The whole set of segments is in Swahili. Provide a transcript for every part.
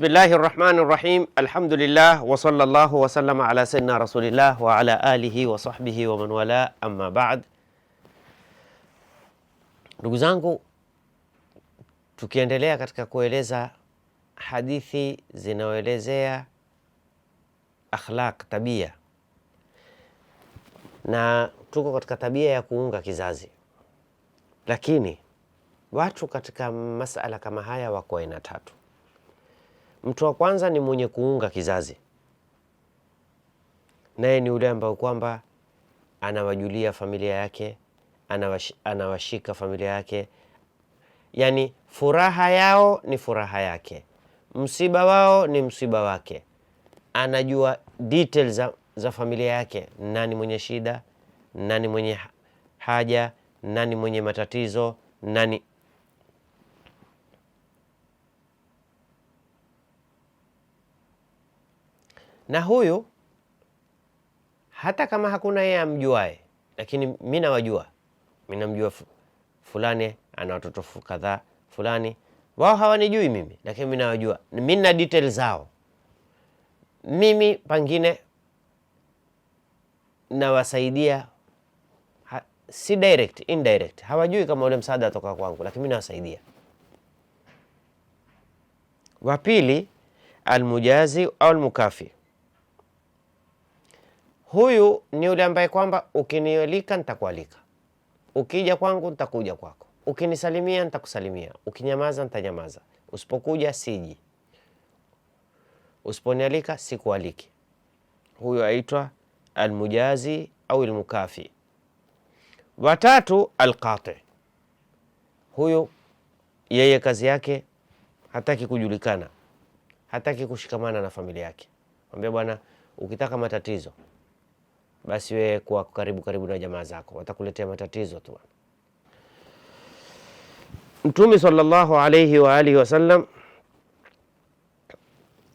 Bismillahi rahmani rahim, alhamdulillah wasala sallallahu wasalama ala sayyidina rasulillah wa alihi wa sahbihi wa man ba'd. Ndugu zangu, tukiendelea katika kueleza hadithi zinazoelezea akhlaq, tabia, na tuko katika tabia ya kuunga kizazi, lakini watu katika masala kama haya wako aina tatu. Mtu wa kwanza ni mwenye kuunga kizazi, naye ni yule ambaye kwamba anawajulia familia yake, anawashika familia yake, yaani furaha yao ni furaha yake, msiba wao ni msiba wake. Anajua details za, za familia yake, nani mwenye shida, nani mwenye haja, nani mwenye matatizo, nani na huyu hata kama hakuna yeye amjuae, lakini mi nawajua, mi namjua fulani ana watoto kadhaa fulani. Wao hawanijui mimi, lakini mi nawajua, mi na detail zao. Mimi pangine nawasaidia ha, si direct, indirect. Hawajui kama ule msaada atoka kwangu, lakini mi nawasaidia. Wa pili almujazi au almukafi Huyu ni yule ambaye kwamba ukinialika nitakualika, ukija kwangu nitakuja kwako, ukinisalimia nitakusalimia, ukinyamaza nitanyamaza, usipokuja siji, usiponialika sikualiki. Huyu aitwa almujazi au almukafi. Watatu, alqati. Huyu yeye kazi yake hataki kujulikana, hataki kushikamana na familia yake. Mwambia bwana, ukitaka matatizo basi wewe kuwa karibu karibu na jamaa zako, watakuletea matatizo tu. Mtume sallallahu alayhi wa alihi wasallam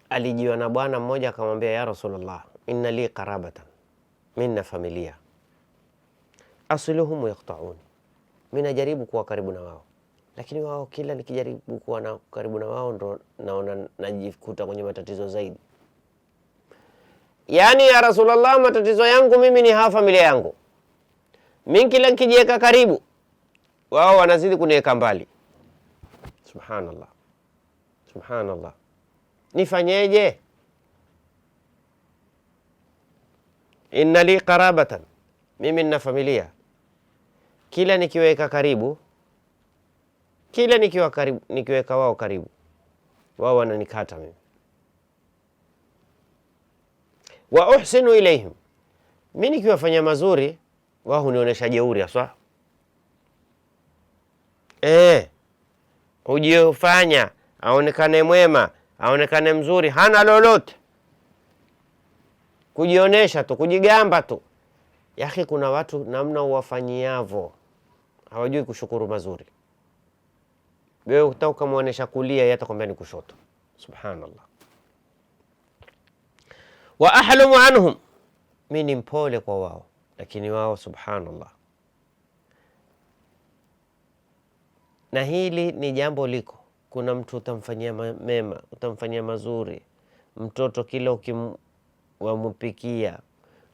alijiwa na bwana mmoja akamwambia, ya Rasulullah, inna li qarabatan minna, familia asluhum yaqta'un, mimi najaribu kuwa karibu na wao, lakini wao kila nikijaribu kuwa na karibu na wao ndo naona najikuta kwenye matatizo zaidi yaani, ya Rasulullah, matatizo yangu mimi ni hawa familia yangu, mimi kila nikijiweka karibu wao wanazidi kuniweka mbali. Subhanallah, subhanallah, nifanyeje? Inna li qarabatan, mimi nna familia, kila nikiweka karibu, kila nikiwa karibu, nikiweka wao karibu, wao wananikata mimi wa uhsinu ilaihim, mi nikiwafanya mazuri wao hunionyesha jeuri haswa. Eh, hujifanya aonekane mwema aonekane mzuri, hana lolote kujionyesha tu, kujigamba tu. yake kuna watu namna uwafanyiavo hawajui kushukuru mazuri. Wewe utaka ukamwonyesha kulia, yatakwambia ni kushoto. Subhanallah wa ahlumu anhum, mi ni mpole kwa wao, lakini wao subhanallah. Na hili ni jambo liko, kuna mtu utamfanyia mema, utamfanyia mazuri. Mtoto kila ukimwampikia,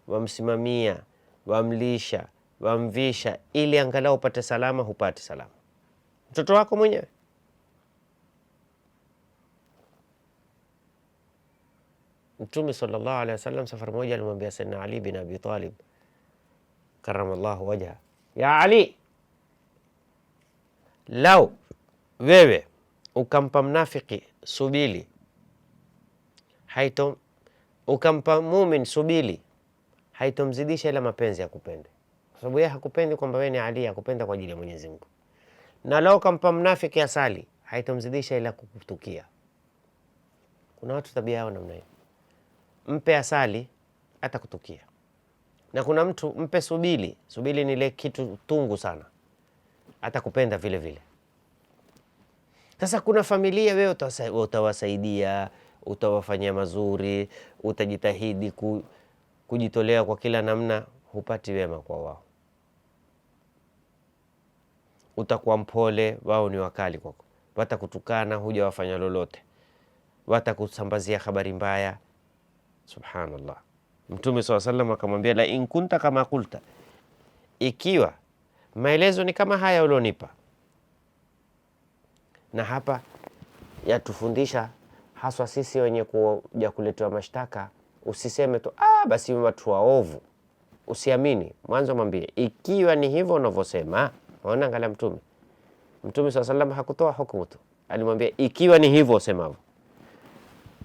wamsimamia, wamlisha, wamvisha, ili angalau upate salama, hupate salama mtoto wako mwenyewe Mtume sallallahu alaihi wasallam safari moja alimwambia Sayyidina Ali bin Abi Talib karamallahu wajha, ya Ali, lau wewe ukampa mnafiki subili haito, ukampa mumin subili haitomzidisha ila mapenzi yakupende, kwa sababu yeye hakupendi kwamba wewe ni Ali, akupenda kwa ajili ya Mwenyezi Mungu. Na lau ukampa mnafiki asali haitomzidisha ila kukutukia. Kuna watu tabia yao namna hiyo mpe asali atakutukia, na kuna mtu mpe subili. Subili ni ile kitu tungu sana, atakupenda vile vile. Sasa kuna familia, wewe utawasaidia, utawafanyia mazuri, utajitahidi kujitolea kwa kila namna, hupati wema kwa wao, utakuwa mpole, wao ni wakali kwako, watakutukana, huja wafanya lolote, watakusambazia habari mbaya Subhanallah. Mtume swalla sallam akamwambia, la in kunta kama kulta, ikiwa maelezo ni kama haya ulionipa. Na hapa yatufundisha haswa sisi wenye kuja kuletewa mashtaka, usiseme tu ah, basi watu waovu, usiamini. Mwanzo mwambie ikiwa ni hivyo unavyosema. Waona, angalia Mtume, Mtume swalla sallam hakutoa hukumu tu, alimwambia ikiwa ni hivyo usemavyo.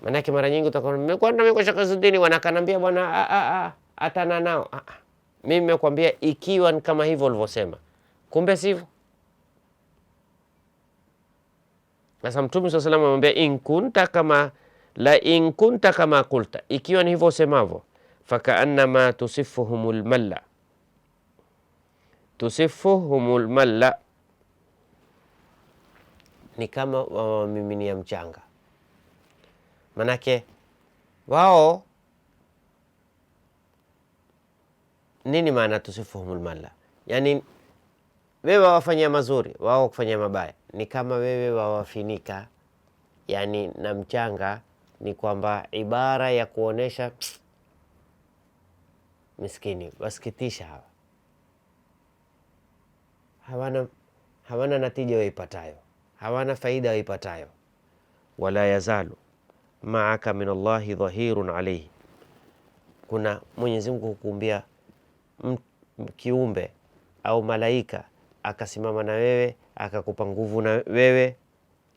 Manake mara nyingi utakwambia nimekwenda mikosha kazini, wanakanambia bwana, a a a, atana nao. A a, mimi nimekwambia ikiwa ni kama hivyo ulivyosema, kumbe sivyo. Sasa Mtume swalla salam amwambia in kunta kama la in kunta kama kulta, ikiwa ni hivyo usemavyo, fakaannama tusifuhumul malla, tusifuhumul malla ni kama wamiminia mchanga Manake wao nini maana tusifuhumul yani wewe wawafanyia mazuri, wao kufanyia mabaya. Ni kama wewe wawafinika yani na mchanga, ni kwamba ibara ya kuonyesha miskini wasikitisha hawa, hawana hawana natija waipatayo, hawana faida waipatayo, wala yazalu maaka min Allahi dhahirun alaihi, kuna Mwenyezi Mungu hukuumbia kiumbe au malaika akasimama na wewe akakupa nguvu na wewe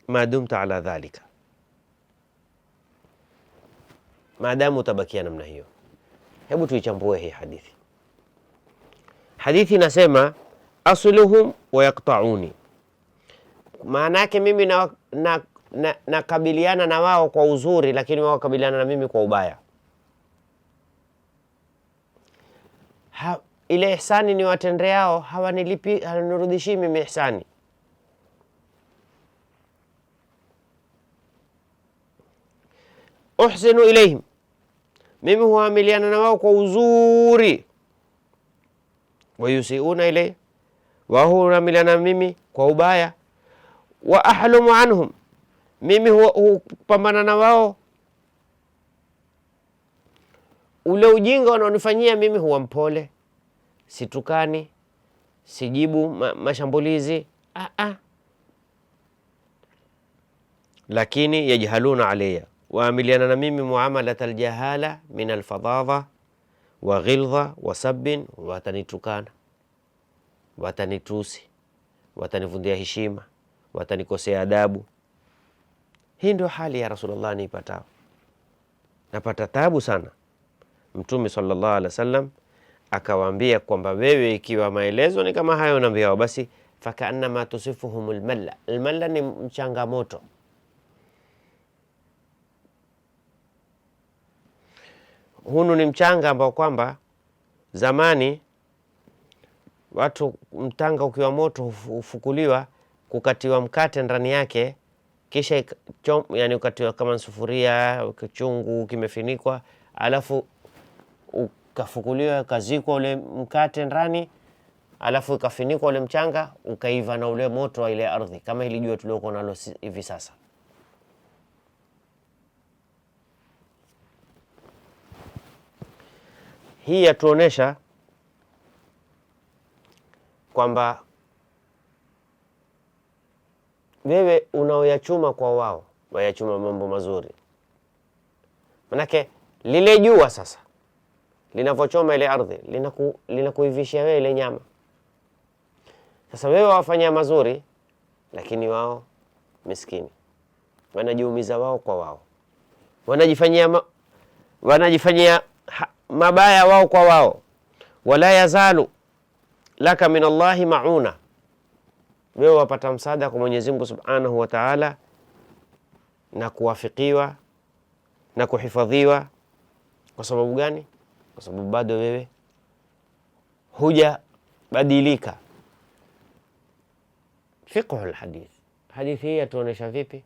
madumta ala dhalika, maadamu utabakia namna hiyo. Hebu tuichambue hii hadithi. Hadithi inasema asluhum wa yaqtauni, maana yake mimi na, na nakabiliana na, na wao kwa uzuri, lakini wao wakabiliana na mimi kwa ubaya. Ha, ile ihsani ni watendeao hawanilipi, hawanirudhishii mimi ihsani. Uhsinu ilaihim, mimi huamiliana na wao kwa uzuri. Wayusiuna ile wao huamiliana na mimi kwa ubaya. Wa ahlumu anhum mimi hupambana na wao, ule ujinga wanaonifanyia mimi huwa mpole, situkani, sijibu ma mashambulizi ah -ah. Lakini yajhaluna alaya waamiliana na mimi muamalat aljahala min alfadhadha wa ghilza wa sabin watanitukana, watanitusi, watanivundia heshima, watanikosea adabu hii ndio hali ya Rasulullah niipatao, napata tabu sana. Mtume sallallahu alaihi wasallam akawaambia kwamba wewe, ikiwa maelezo ni kama hayo unaambiao, basi fakaannama tusifuhum lmalla. Lmalla ni mchangamoto. Hunu ni mchanga ambao kwamba zamani watu, mtanga ukiwa moto hufukuliwa, kukatiwa mkate ndani yake kisha yani ukatiwa kama sufuria kichungu kimefinikwa, alafu ukafukuliwa ukazikwa ule mkate ndani, alafu ukafinikwa ule mchanga, ukaiva na ule moto wa ile ardhi, kama hili jua tuliokuwa nalo hivi sasa. Hii yatuonesha kwamba wewe unaoyachuma kwa wao wayachuma mambo mazuri. Manake lile jua sasa linavyochoma ile ardhi linakuivishia wewe ile nyama. Sasa wewe wawafanyia mazuri, lakini wao miskini wanajiumiza wao kwa wao, wanajifanyia ma, wanajifanyia mabaya wao kwa wao. Wala yazalu laka min Allahi mauna wewe wapata msaada kwa Mwenyezi Mungu Subhanahu wa Ta'ala, na kuwafikiwa na kuhifadhiwa. Kwa sababu gani? Kwa sababu bado wewe hujabadilika. Fiqhul hadith, hadithi hii yatuonesha vipi?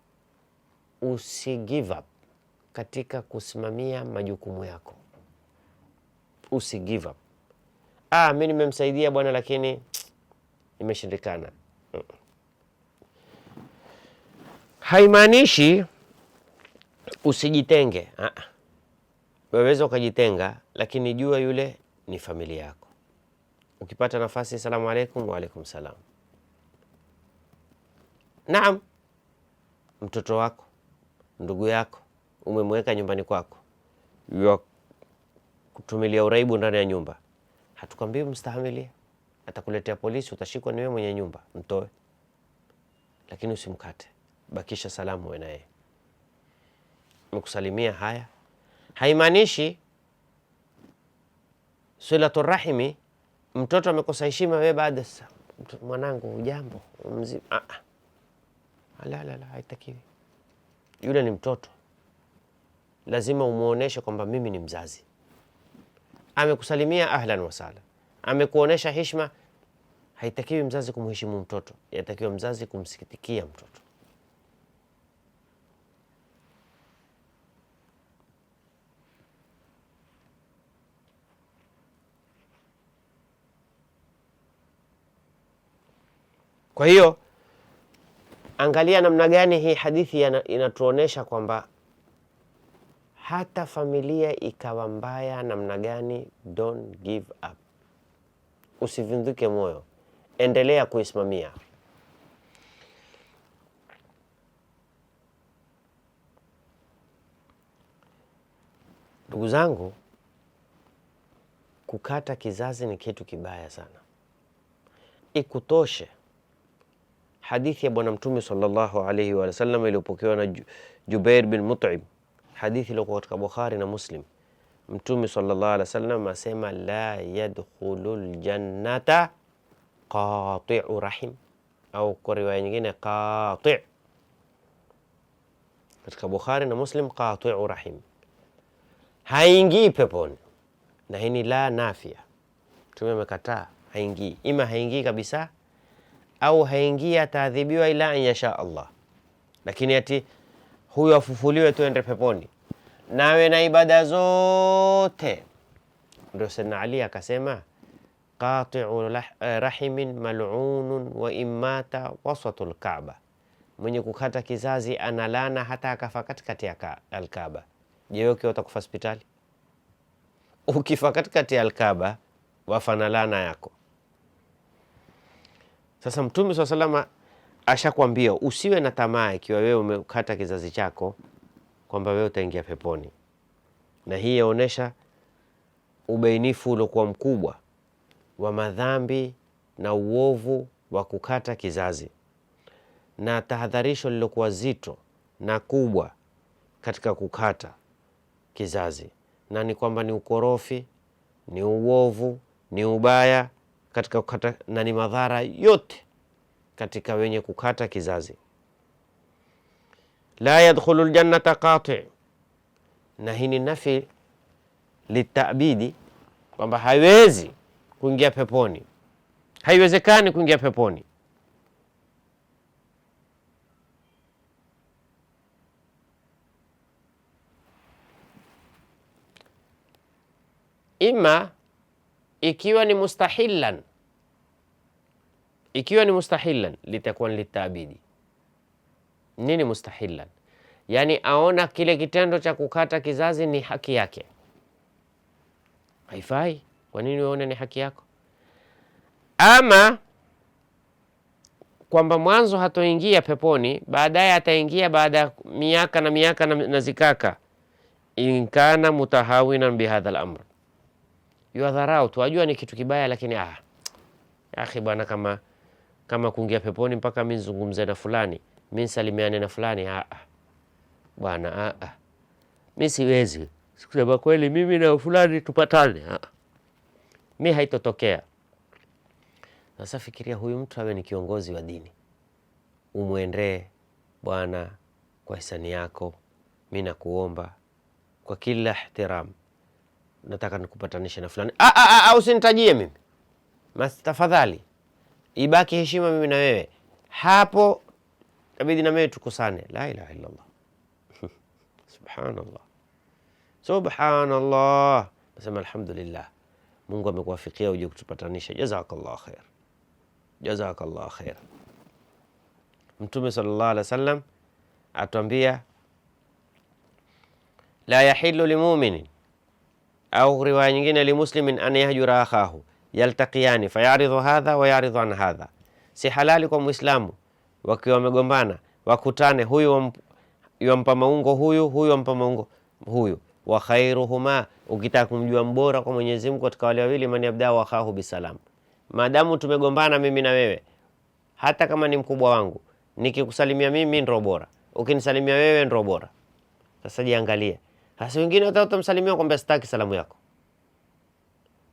Usi give up katika kusimamia majukumu yako, usi give up. Ah, mimi nimemsaidia bwana, lakini imeshindikana. haimaanishi usijitenge. Ah, waweza ukajitenga, lakini jua yule ni familia yako. Ukipata nafasi, salamu alaikum. Waalaikum salam. Naam, mtoto wako, ndugu yako umemweka nyumbani kwako, kutumilia uraibu ndani ya nyumba, hatukwambii mstahamilie. Atakuletea polisi, utashikwa, ni wewe mwenye nyumba, mtoe, lakini usimkate bakisha salamu wewe naye mekusalimia. Haya haimaanishi silatu rahimi, mtoto amekosa heshima, wewe baada mwanangu, ujambo mzima, ah, ah. la la la, haitakiwi. Yule ni mtoto, lazima umuoneshe kwamba mimi ni mzazi. Amekusalimia ahlan wasala, amekuonesha heshima, haitakiwi mzazi kumheshimu mtoto, yatakiwa mzazi kumsikitikia mtoto. Kwa hiyo angalia namna gani hii hadithi inatuonesha kwamba hata familia ikawa mbaya namna gani, don't give up, usivunjike moyo, endelea kuisimamia. Ndugu zangu, kukata kizazi ni kitu kibaya sana. Ikutoshe hadithi ya Bwana Mtume sallallahu alayhi wa sallam iliyopokewa na Jubair bin Mut'im, hadithi iliyokuwa katika Bukhari na Muslim. Mtume sallallahu wa sallam asema la yadkhulul jannata qati'u rahim, au kwa riwaya nyingine qati'. Katika Bukhari na Muslim qati'u rahim, haingii peponi. Na hii ni la nafia, Mtume amekataa haingii, ima haingii kabisa au haingia ataadhibiwa, ila an yasha Allah. Lakini ati huyo afufuliwe tuende peponi nawe na ibada zote. Ndio Sayyidina Ali akasema qatiu rahimin mal'unun wa immata wasatul Kaaba, mwenye kukata kizazi analana hata akafa katikati ya Alkaaba. Je, wewe ukiwa utakufa hospitali? Ukifa katikati ya Alkaaba wafanalana yako sasa Mtume swalla salama ashakwambia usiwe na tamaa ikiwa wewe umekata kizazi chako kwamba wewe utaingia peponi, na hii yaonyesha ubainifu uliokuwa mkubwa wa madhambi na uovu wa kukata kizazi na tahadharisho lilokuwa zito na kubwa katika kukata kizazi, na ni kwamba ni ukorofi, ni uovu, ni ubaya katika kukata, na ni madhara yote katika wenye kukata kizazi. La yadkhulu ljannata qati, na hii ni nafi litabidi, kwamba haiwezi kuingia peponi, haiwezekani kuingia peponi. Ima ikiwa ni mustahilan, ikiwa ni mustahilan litakuwa ni litabidi. Nini mustahilan? Yaani aona kile kitendo cha kukata kizazi ni haki yake. Haifai. Kwa nini uone ni haki yako? Ama kwamba mwanzo hatoingia peponi, baadaye ataingia baada ya miaka na miaka na zikaka, inkana mutahawinan bihadha al-amr yuadharau tu, ajua ni kitu kibaya, lakini ah, akhi bwana, kama kama kuingia peponi mpaka mimi nizungumze na fulani, mimi salimiane na fulani, ah ah. bwana, ah, ah. mimi siwezi sikusema kweli, mimi na fulani tupatane, ah, mimi ah. haitotokea. Sasa fikiria huyu mtu awe ni kiongozi wa dini, umwendee bwana, kwa hisani yako, mimi nakuomba kwa kila ihtiramu nataka nikupatanishe na fulani, ah, ah, ah, au usinitajie mimi basi, tafadhali ibaki heshima mimi na wewe hapo, tabidi na mimi tukusane. La ilaha illa Allah, subhanallah, subhanallah. Nasema alhamdulillah, Mungu amekuwafikia uje kutupatanisha. Jazakallah khair, jazakallah khair. Mtume sallallahu alaihi wasallam atuambia la yahilu limuminin au riwaya nyingine limuslimin an yahjura akhahu yaltaqiyani fayaridhu hadha wa yaridhu an hadha, si halali kwa Muislamu wakiwa wamegombana wakutane, huyu yampa maungo huyu, huyu yampa maungo huyu. Wa khairuhuma, ukitaka kumjua mbora kwa Mwenyezi Mungu katika wale wawili, man wa akhahu bisalam. Maadamu tumegombana mimi na wewe, hata kama ni mkubwa wangu, nikikusalimia mimi ndo bora, ukinisalimia wewe ndo bora. Sasa jiangalie. Sasa wengine hata utamsalimia kwamba sitaki salamu yako.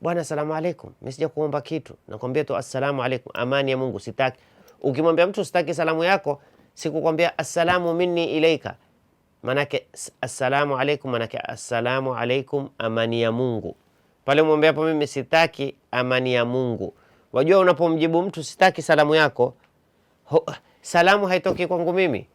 Bwana, salamu alaikum. Mimi sija kuomba kitu. Nakwambia tu assalamu alaikum. Amani ya Mungu sitaki. Ukimwambia mtu sitaki salamu yako, sikukwambia assalamu minni ilaika. Manake assalamu alaikum, manake assalamu alaikum, amani ya Mungu. Pale mwambie hapo, mimi sitaki amani ya Mungu. Wajua, unapomjibu mtu sitaki salamu yako, ho, salamu haitoki kwangu mimi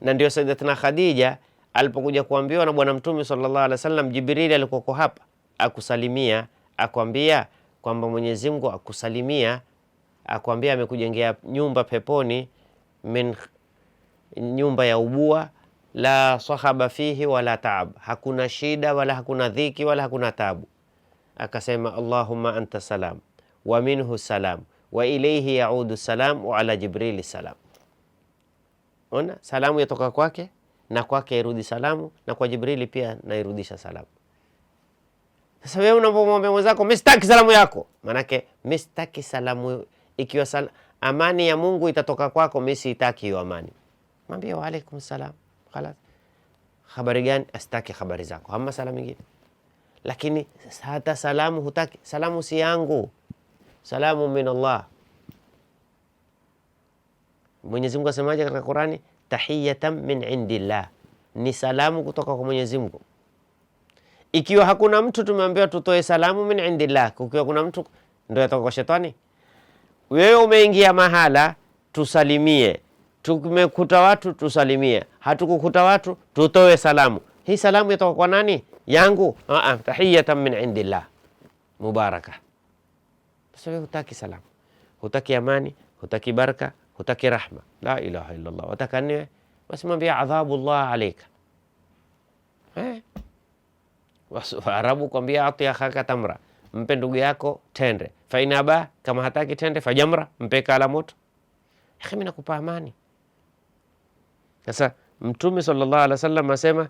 na ndio Sayyidatina Khadija alipokuja kuambiwa na Bwana Mtume sallallahu alaihi wasallam, Jibrili alikuwako hapa akusalimia, akwambia kwamba Mwenyezi Mungu akusalimia, akwambia amekujengea nyumba peponi min nyumba ya ubua la sahaba fihi wala taab, hakuna shida wala hakuna dhiki wala hakuna tabu. Akasema Allahumma anta salam wa minhu salam wa ilayhi yaudu salam wa ala jibrili salam. Ona salamu yatoka kwake na kwake irudi salamu na kwa Jibrili pia nairudisha salamu. Sasa wewe unapomwambia mwenzako mistaki salamu yako, maanake mistaki salamu, ikiwa sal amani ya Mungu itatoka kwako, mimi sitaki hiyo amani, mwambie wa alaikum salam, khalas. Habari gani? Astaki habari zako, hamna salamu nyingine. Lakini hata salamu hutaki, salamu si yangu, salamu min Allah Mwenyezi Mungu asemaje katika Qur'ani? Tahiyatan min indillah, ni salamu kutoka kwa Mwenyezi Mungu. Ikiwa hakuna mtu tumeambiwa tutoe salamu min indillah, kukiwa kuna mtu ndio yatoka kwa shetani. Wewe umeingia mahala, tusalimie. Tumekuta watu tusalimie, hatukukuta watu tutoe salamu. Hii salamu yatoka kwa nani? Yangu? Aa, ah, ah, tahiyatan min indillah mubaraka. Sasa hutaki salamu, hutaki amani, hutaki baraka hutaki rahma, la ilaha illallah. Wataka nne, basi mwambia adhabu Allah alaika eh. Waarabu kwambia ati akhaka tamra, mpe ndugu yako tende. Fainaba, kama hataki tende, fajamra, mpe kala moto. Mimi nakupa amani. Sasa Mtume sallallahu alaihi wasallam asema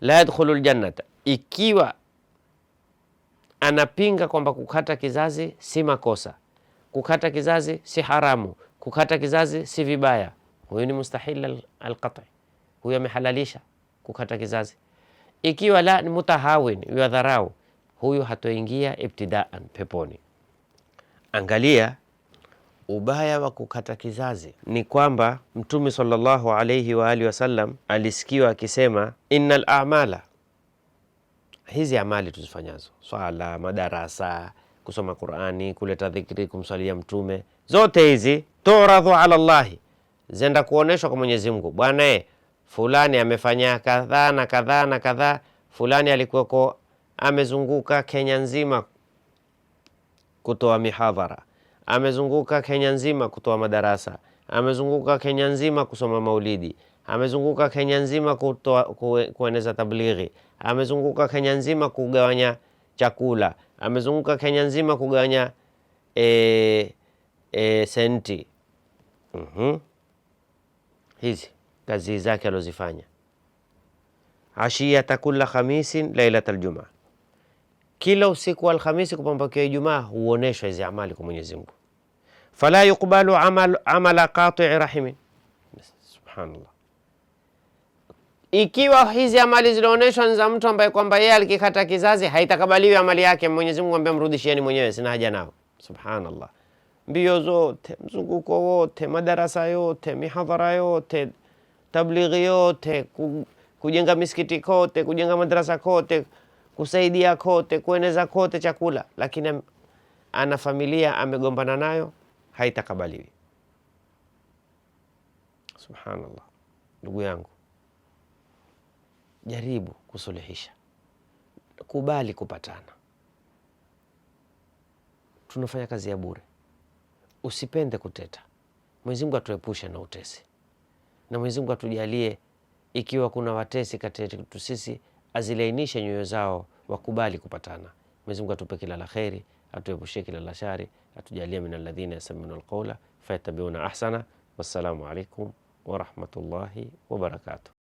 la yadkhulu ljannata, ikiwa anapinga kwamba kukata kizazi si makosa, kukata kizazi si haramu Kukata kizazi si vibaya, huyu ni mustahil alqat'i, huyu amehalalisha kukata kizazi. Ikiwa la ni mutahawin, ya dharau, huyu hatoingia ibtidaan peponi. Angalia ubaya wa kukata kizazi ni kwamba Mtume sallallahu alayhi wa alihi wasallam alisikiwa akisema, innal a'mala, hizi amali tuzifanyazo, swala, madarasa, kusoma Qur'ani, kuleta dhikri, kumswalia Mtume zote hizi turadhu ala llahi, zenda kuoneshwa kwa Mwenyezi Mungu. Bwana eh, fulani amefanya kadhaa na kadhaa na kadhaa, fulani alikuweko amezunguka Kenya nzima kutoa mihadhara, amezunguka Kenya nzima kutoa madarasa, amezunguka Kenya nzima kusoma maulidi, amezunguka Kenya nzima kutoa, kueneza tablighi, amezunguka Kenya nzima kugawanya chakula, amezunguka Kenya nzima kugawanya eh, e, senti uhum. Hizi kazi zake alozifanya ashiyata kula khamisin lailat aljuma, kila usiku wa Alhamisi kupambakia Ijumaa huoneshwa hizi amali kwa Mwenyezi Mungu. Fala yuqbalu amal, amala qati'i rahimin. Subhanallah, ikiwa hizi amali zinaoneshwa za mtu ambaye kwamba yeye alikikata kizazi, haitakabaliwi amali yake. Mwenyezi Mungu mrudishieni mwenyewe, sina haja nao. Subhanallah mbio zote, mzunguko wote, madarasa yote, mihadhara yote, tablighi yote, kujenga misikiti kote, kujenga madarasa kote, kusaidia kote, kueneza kote chakula, lakini ana familia amegombana nayo, haitakabaliwi. Subhanallah, ndugu yangu, jaribu kusuluhisha, kubali kupatana. Tunafanya kazi ya bure usipende kuteta. Mwenyezi Mungu atuepushe na utesi, na Mwenyezi Mungu atujalie, ikiwa kuna watesi kati yetu sisi, azilainishe nyoyo zao, wakubali kupatana. Mwenyezi Mungu atupe kila la kheri, atuepushe kila la shari, atujalie min alladhina yasamiuna alqaula fayatabiuna ahsana. Wassalamu alaikum warahmatullahi wabarakatuh.